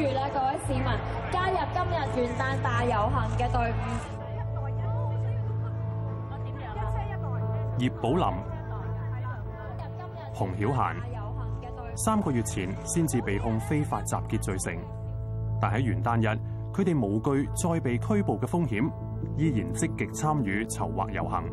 住啦！各位市民加入今日元旦大遊行嘅隊伍。葉、哦、寶琳、洪曉嫻，三個月前先至被控非法集結罪成，但喺元旦日，佢哋無懼再被拘捕嘅風險，依然積極參與籌劃遊行。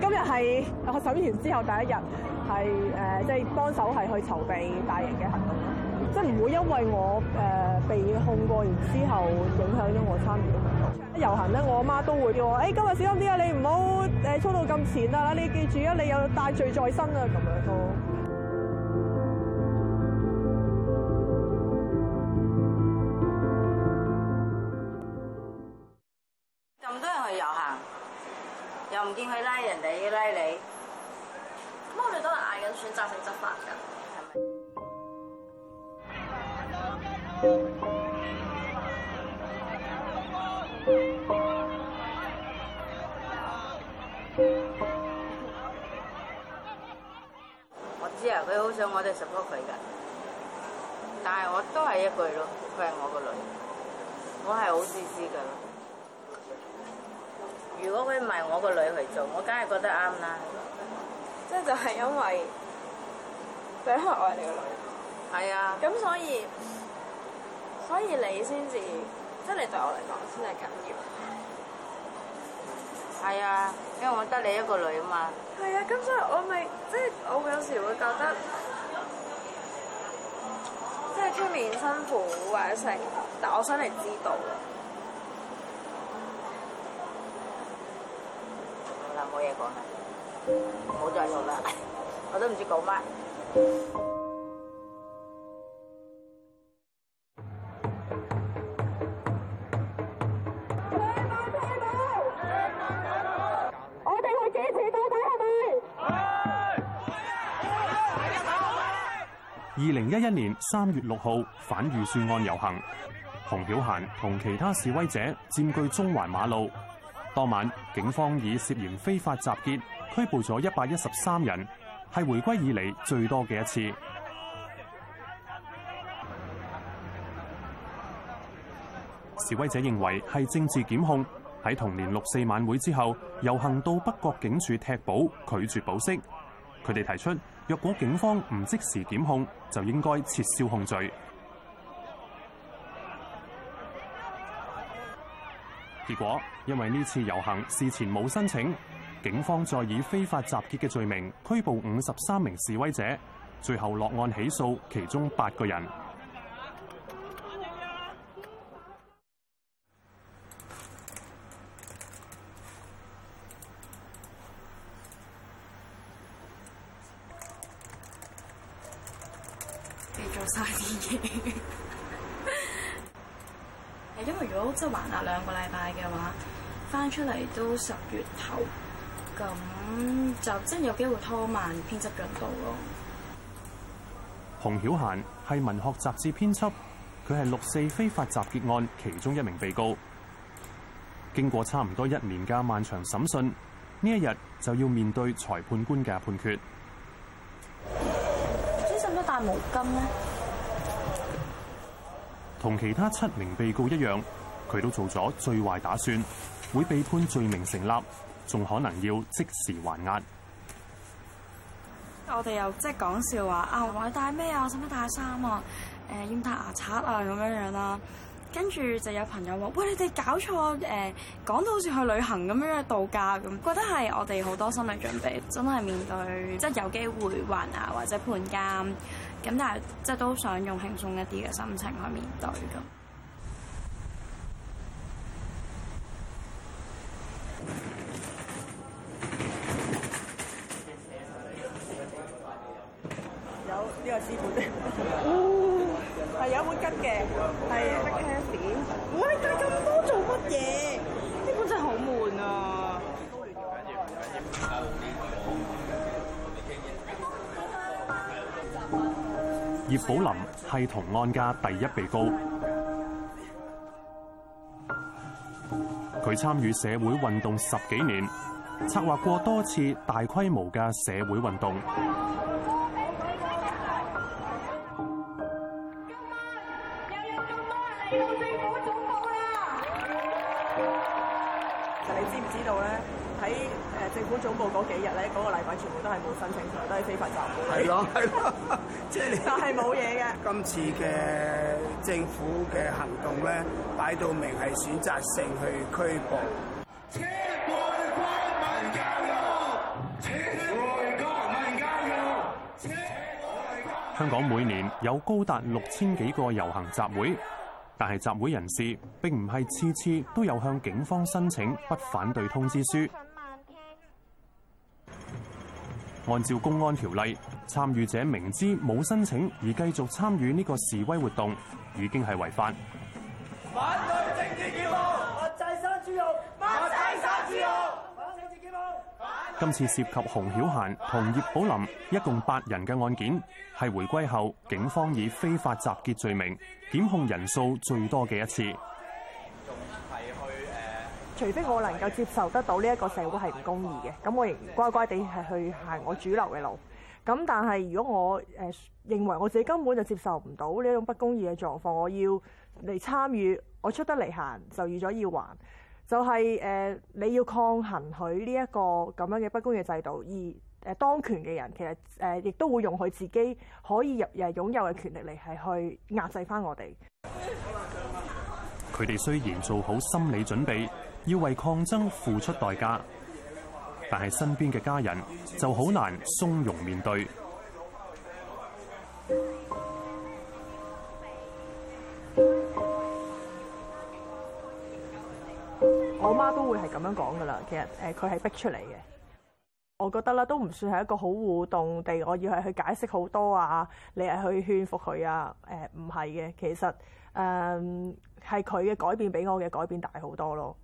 今日係我審完之後第一日，係誒，即、呃、係、就是、幫手係去籌備大型嘅行動。即係唔會因為我誒被控過，然之後影響咗我參與嘅行動。遊行咧，我阿媽都會叫我：誒，今日小心啲啊，你唔好誒衝到咁前啦。你記住啊，你有大罪在身啊，咁樣咯。咁多人去遊行，又唔見佢拉人哋要拉你。咁我哋都係嗌緊選擇性執法㗎。我知啊，佢好想我哋食 u 佢噶，但係我都係一句咯，佢係我個女，我係好自私噶。如果佢唔係我個女去做，我梗係覺得啱啦。即係就係、是、因為，就是、因為係你個女，係啊，咁所以。所以你先至，即係你對我嚟講先係緊要。係啊，因為我得你一個女啊嘛。係啊，咁所以我咪，即係我有時會覺得，即係出面辛苦或者成，但我想你知道嘅。好啦，冇嘢講啦，冇再錄啦，我,不再 我都唔知講乜。二零一一年三月六號反預算案遊行，洪曉嫻同其他示威者佔據中環馬路。當晚警方以涉嫌非法集結拘捕咗一百一十三人，係回歸以嚟最多嘅一次。示威者認為係政治檢控。喺同年六四晚會之後，遊行到北角警署踢保，拒絕保釋。佢哋提出。若果警方唔即時檢控，就應該撤銷控罪。結果，因為呢次遊行事前冇申請，警方再以非法集結嘅罪名拘捕五十三名示威者，最後落案起訴其中八個人。到十月頭，咁就真係有機會拖慢編輯進度咯。洪曉嫻係文學雜誌編輯，佢係六四非法集結案其中一名被告。經過差唔多一年嘅漫長審訊，呢一日就要面對裁判官嘅判決。唔知使唔使帶毛巾呢？同其他七名被告一樣。佢都做咗最壞打算，會被判罪名成立，仲可能要即時還押。我哋又即係講笑話，啊，你戴咩啊？使唔使戴衫啊？誒、呃，要唔要戴牙刷啊？咁樣樣啦。跟住就有朋友話：喂，你哋搞錯，誒、呃，講到好似去旅行咁樣嘅度假咁，覺得係我哋好多心理準備，真係面對即係有機會還押或者判監，咁但係即係都想用輕鬆一啲嘅心情去面對咁。係同案嘅第一被告，佢參與社會運動十幾年，策劃過多次大規模嘅社會運動。今日又有咁多人嚟到政府總部啦！你知唔知道咧？喺誒政府總部嗰幾日咧，嗰個禮拜全部都係冇申請上，都係非法集會。係咯，係咯。即係就係冇嘢嘅。今次嘅政府嘅行動咧，擺到明係選擇性去拘捕。撤回國民教育！撤回國民教育！撤回。香港每年有高達六千幾個遊行集會，但係集會人士並唔係次次都有向警方申請不反對通知書。按照公安條例，參與者明知冇申請而繼續參與呢個示威活動，已經係違法。反對政治檢控，反對政治檢控。今次涉及洪曉嫻同葉寶琳一共八人嘅案件，係回歸後警方以非法集結罪名檢控人數最多嘅一次。除非我能夠接受得到呢一個社會係唔公義嘅，咁我仍乖乖地係去行我主流嘅路。咁但係如果我誒、呃、認為我自己根本就接受唔到呢一種不公義嘅狀況，我要嚟參與，我出得嚟行就預咗要還。就係、是、誒、呃、你要抗衡佢呢一個咁樣嘅不公嘅制度，而誒當權嘅人其實誒亦、呃、都會用佢自己可以入誒擁有嘅權力嚟係去壓制返我哋。佢哋雖然做好心理準備。要為抗爭付出代價，但係身邊嘅家人就好難從容面對。我媽都會係咁樣講㗎喇。其實誒，佢係逼出嚟嘅。我覺得啦，都唔算係一個好互動地。我要係去解釋好多啊，你係去勸服佢啊。誒，唔係嘅，其實誒係佢嘅改變，比我嘅改變大好多咯。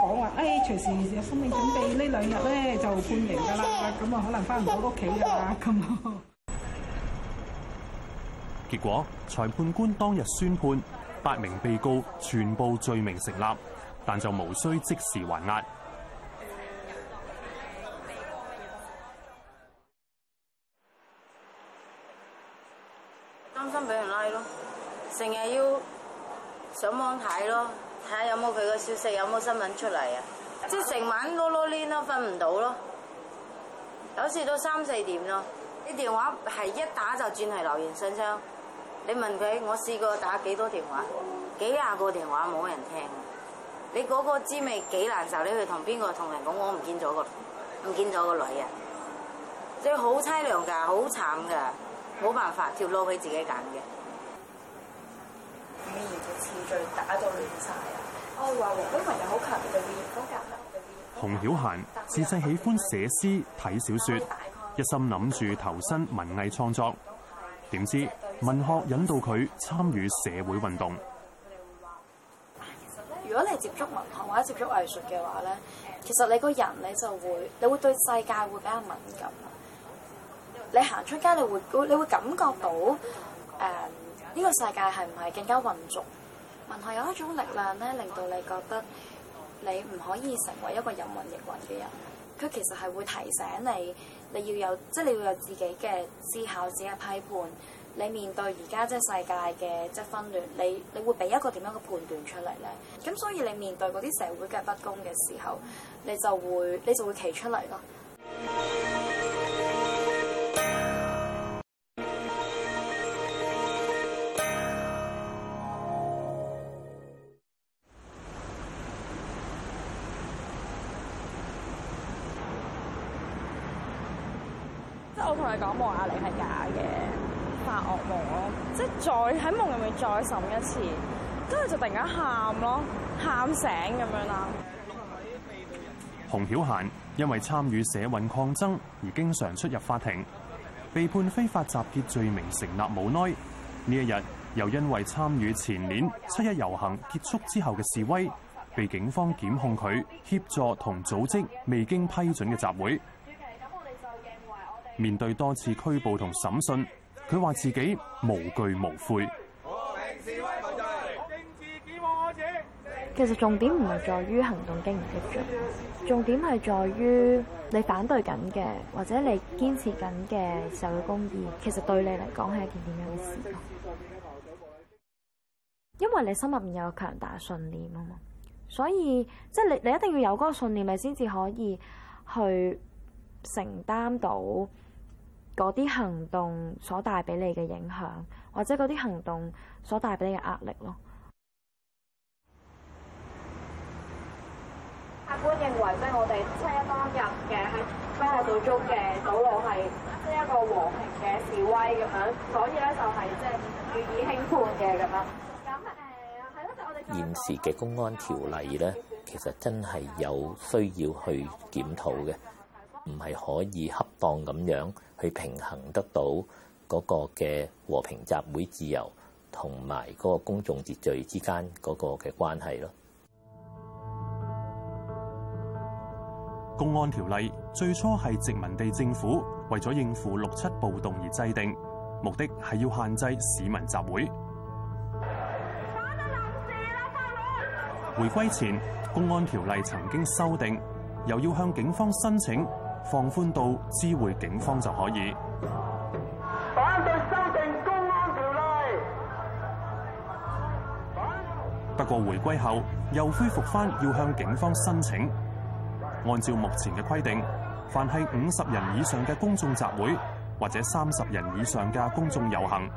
講話誒，哎，隨時有心理準備，呢兩日咧就判刑噶啦，咁啊可能翻唔到屋企㗎喇咁咯。結果裁判官當日宣判，八名被告全部罪名成立，但就無需即時還押。擔心俾人拉咯，成日要上網睇咯。睇下有冇佢嘅消息，有冇新聞出嚟啊！即係成晚囉囉攣咯，瞓唔到咯，有時都三四點咯。啲電話係一打就轉係留言信箱。你問佢，我試過打幾多電話，幾廿個電話冇人聽。你嗰個滋味幾難受？你去同邊個同人講我唔見咗個唔見咗個女啊！即係好凄涼㗎，好慘㗎，冇辦法，條路佢自己揀嘅。的打到亂曬。我話黃金文又好吸引，風格吸引。洪曉嫻自細喜歡寫詩、睇小說，一心諗住投身文藝創作。點知文學引導佢參與社會運動。如果你接觸文學或者接觸藝術嘅話咧，其實你個人你就會，你會對世界會比較敏感。你行出街，你會，你會感覺到、嗯呢、這個世界係唔係更加混濁？文化有一種力量咧，令到你覺得你唔可以成為一個人云亦云嘅人。佢其實係會提醒你，你要有即係、就是、你要有自己嘅思考、自己嘅批判。你面對而家即係世界嘅即係分裂，你你會俾一個點樣嘅判斷出嚟咧？咁所以你面對嗰啲社會嘅不公嘅時候，你就會你就會企出嚟咯。我同你講無壓力係假嘅，發惡夢咯，即係再喺夢入面再審一次，跟住就突然間喊咯，喊醒咁樣啦。洪曉嫻因為參與社運抗爭而經常出入法庭，被判非法集結罪名成立冇耐。呢一日又因為參與前年七一遊行結束之後嘅示威，被警方檢控佢協助同組織未經批准嘅集會。面對多次拘捕同審訊，佢話自己無懼無悔。其實重點唔在於行動經唔激進，重點係在於你反對緊嘅或者你堅持緊嘅社會公義，其實對你嚟講係一件點樣嘅事？因為你心入面有強大嘅信念啊嘛，所以即係、就是、你你一定要有嗰個信念，你先至可以去承擔到。嗰啲行動所帶俾你嘅影響，或者嗰啲行動所帶俾你嘅壓力咯。客觀認為咧，我哋七一當日嘅喺灣仔道中嘅堵路係即係一個和平嘅示威咁樣，所以咧就係即係願意輕判嘅咁樣。咁誒，係咯，我哋現時嘅公安條例咧，其實真係有需要去檢討嘅，唔係可以恰當咁樣。去平衡得到嗰個嘅和平集會自由同埋嗰個公眾秩序之間嗰個嘅關係咯。公安條例最初係殖民地政府為咗應付六七暴動而制定，目的係要限制市民集會。回歸前，公安條例曾經修訂又要向警方申請。放寬到知會警方就可以，反對修訂公安條例。不過回歸後又恢復翻要向警方申請。按照目前嘅規定，凡係五十人以上嘅公眾集會或者三十人以上嘅公眾遊行，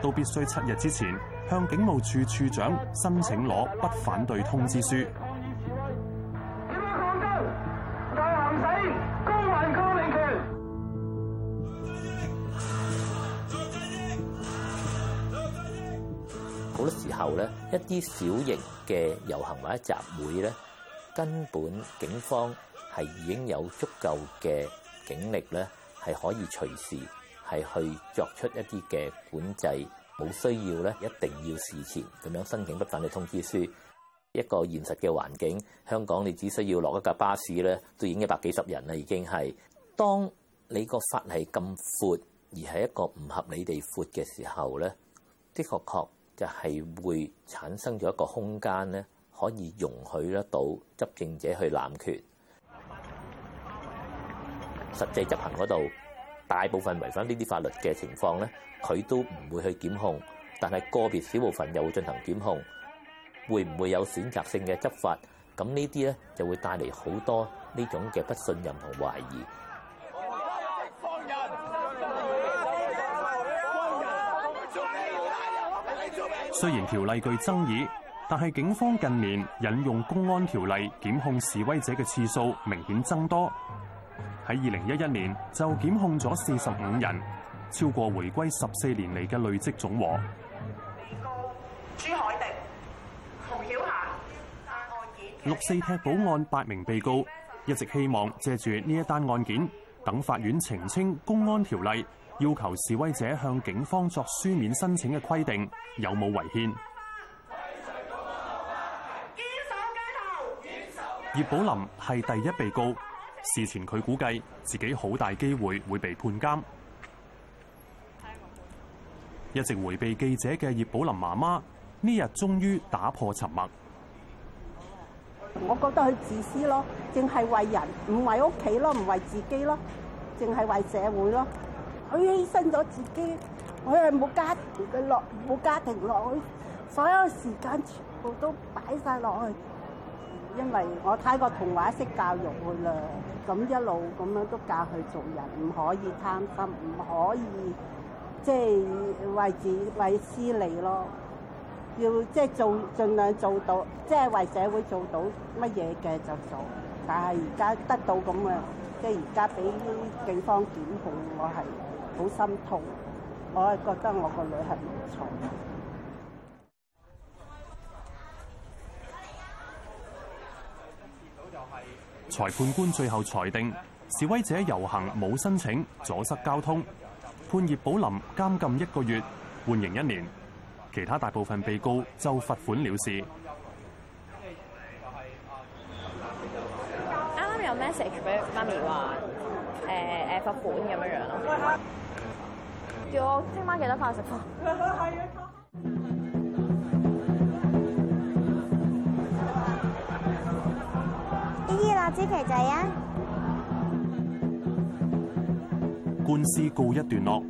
都必須七日之前向警務處處長申請攞不反對通知書。一啲小型嘅遊行或者集會咧，根本警方係已經有足夠嘅警力咧，係可以隨時係去作出一啲嘅管制，冇需要咧，一定要事前咁樣申請不反對通知書。一個現實嘅環境，香港你只需要落一架巴士咧，都已經一百幾十人啦，已經係。當你個法係咁闊，而係一個唔合理地闊嘅時候咧，的確確。就係會產生咗一個空間咧，可以容許得到執政者去濫權。實際執行嗰度，大部分違反呢啲法律嘅情況咧，佢都唔會去檢控，但係個別小部分又會進行檢控。會唔會有選擇性嘅執法？咁呢啲咧就會帶嚟好多呢種嘅不信任同懷疑。雖然條例具爭議，但係警方近年引用公安條例檢控示威者嘅次數明顯增多。喺二零一一年就檢控咗四十五人，超過回歸十四年嚟嘅累積總和。被告：朱海迪、洪曉嫻。單案件六四踢保案八名被告，一直希望借住呢一單案件等法院澄清公安條例。要求示威者向警方作書面申請嘅規定有冇違憲？葉寶琳係第一被告，事前佢估計自己好大機會會被判監。一直回避記者嘅葉寶琳媽媽呢日終於打破沉默。我覺得佢自私咯，淨係為人，唔為屋企咯，唔為自己咯，淨係為社會咯。佢犧牲咗自己，我係冇家庭嘅落，冇家庭落去，所有時間全部都擺晒落去。因為我睇過童話式教育佢啦，咁一路咁樣都教佢做人，唔可以貪心，唔可以即係、就是、為自為私利咯。要即係、就是、做盡量做到，即、就、係、是、為社會做到乜嘢嘅就做。但係而家得到咁嘅，即係而家俾警方檢控我是，我係。好心痛，我係覺得我個女係唔錯。裁判官最後裁定，示威者遊行冇申請阻塞交通，判葉寶琳監禁一個月，緩刑一年。其他大部分被告就罰款了事。啱啱有 message 俾媽咪話。誒、欸、誒，罰款咁樣樣咯，叫我聽晚記得翻去食飯。依依啦，知皮仔啊！官司告一段落，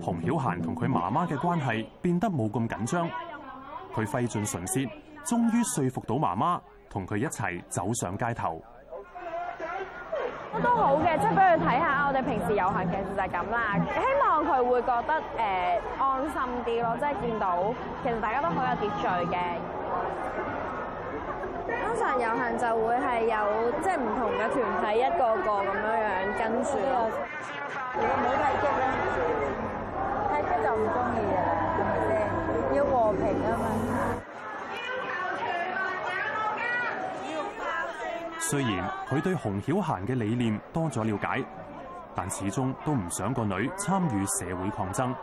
洪曉嫻同佢媽媽嘅關係變得冇咁緊張。佢費盡唇舌，終於説服到媽媽同佢一齊走上街頭。都好嘅，即係俾佢睇下，我哋平時遊行的其實就咁啦。希望佢會覺得誒安、呃、心啲咯，即係見到其實大家都好有秩序嘅。通常遊行就會係有即係唔同嘅團體一個個咁樣樣跟住。如果冇太激啦，太、嗯、激就唔中意嘅。 要和平啊嘛。哈哈雖然佢對洪曉嫻嘅理念多咗了解，但始終都唔想個女參與社會抗爭。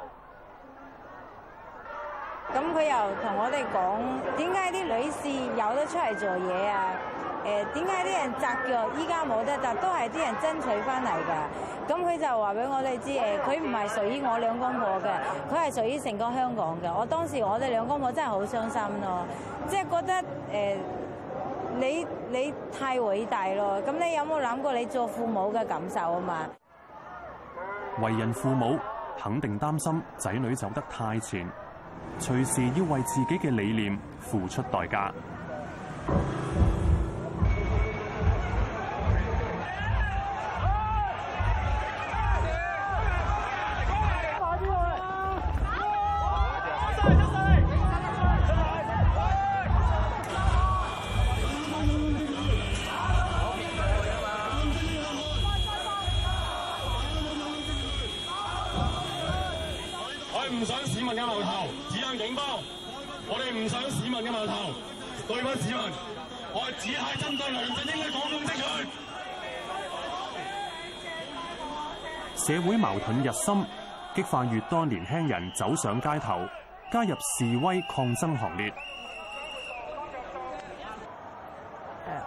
咁佢又同我哋講，點解啲女士有得出嚟做嘢啊？誒，點解啲人紮腳依家冇得紮，都係啲人爭取翻嚟㗎？咁佢就話俾我哋知誒，佢唔係屬於我兩公婆嘅，佢係屬於成個香港嘅。我當時我哋兩公婆真係好傷心咯，啊，即、就、係、是、覺得誒。呃你你太偉大咯！咁你有冇諗過你做父母嘅感受啊嘛？為人父母肯定擔心仔女走得太前，隨時要為自己嘅理念付出代價。唔想市民嘅矛頭，指向警方。我哋唔想市民嘅矛頭對翻市民，我哋只係針對梁振英嘅港共秩序。社會矛盾日深，激發越多年輕人走上街頭，加入示威抗爭行列。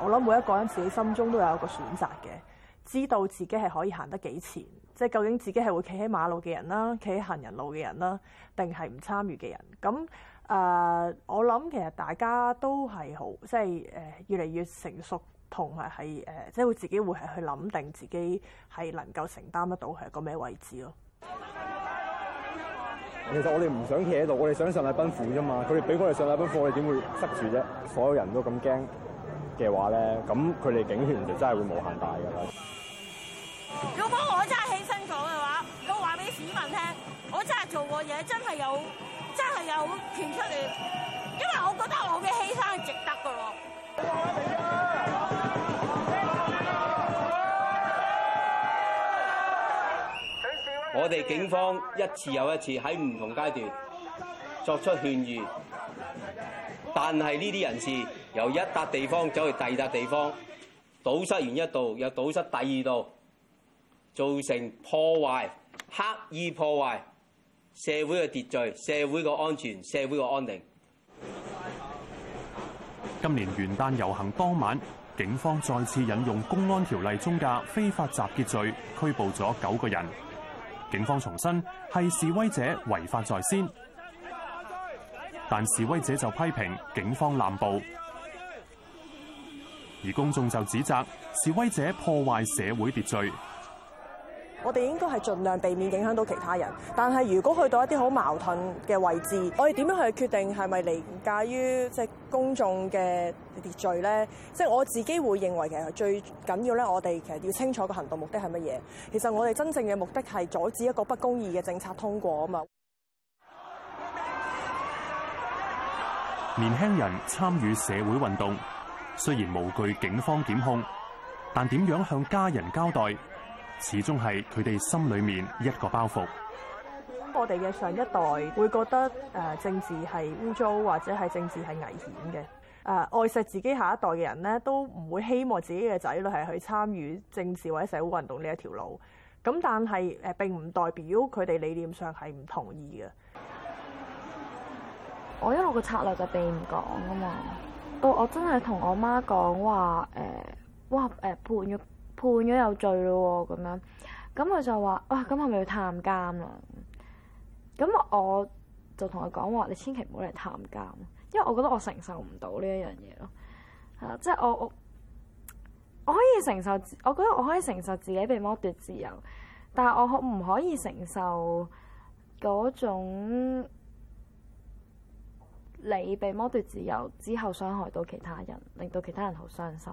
我諗每一個人自己心中都有一個選擇嘅，知道自己係可以行得幾前。即係究竟自己係會企喺馬路嘅人啦，企喺行人路嘅人啦，定係唔參與嘅人？咁誒、呃，我諗其實大家都係好，即係誒越嚟越成熟同埋係誒，即係、呃就是、會自己會係去諗定自己係能夠承擔得到係個咩位置咯。其實我哋唔想企喺度，我哋想上禮賓府啫嘛。佢哋俾我哋上禮賓府，我哋點會塞住啫？所有人都咁驚嘅話咧，咁佢哋警權就真係會無限大噶啦。如果我真係犧牲咗嘅話，我話俾市民聽，我真係做過嘢，真係有，真係有權出嚟，因為我覺得我嘅犧牲係值得㗎喎。我哋警方一次又一次喺唔同階段作出勸喻，但係呢啲人士由一笪地方走去第二笪地方，堵塞完一度又堵塞第二度，造成破壞，刻意破壞社會嘅秩序、社會嘅安全、社會嘅安定。今年元旦遊行當晚，警方再次引用公安條例中嘅非法集結罪，拘捕咗九個人。警方重申係示威者違法在先，但示威者就批評警方濫捕，而公眾就指責示威者破壞社會秩序。我哋應該係盡量避免影響到其他人，但係如果去到一啲好矛盾嘅位置，我哋點樣去決定係咪凌駕於即公眾嘅秩序呢？即、就是、我自己會認為其實最緊要咧，我哋其實要清楚個行動目的係乜嘢。其實我哋真正嘅目的係阻止一個不公義嘅政策通過啊嘛。年輕人參與社會運動，雖然無懼警方檢控，但點樣向家人交代？始終係佢哋心裏面一個包袱。我哋嘅上一代會覺得誒，政治係污糟或者係政治係危險嘅，誒，愛惜自己下一代嘅人咧，都唔會希望自己嘅仔女係去參與政治或者社會運動呢一條路。咁但係誒，並唔代表佢哋理念上係唔同意嘅。我一路嘅策略就並唔講啊嘛，到我真係同我媽講話誒，哇誒，判咗。判咗有罪咯，咁樣，咁佢就話，哇、啊，咁係咪要探監啊？咁我就同佢講話，你千祈唔好嚟探監，因為我覺得我承受唔到呢一樣嘢咯，係、啊、即係我我我可以承受，我覺得我可以承受自己被剝奪自由，但係我可唔可以承受嗰種你被剝奪自由之後傷害到其他人，令到其他人好傷心。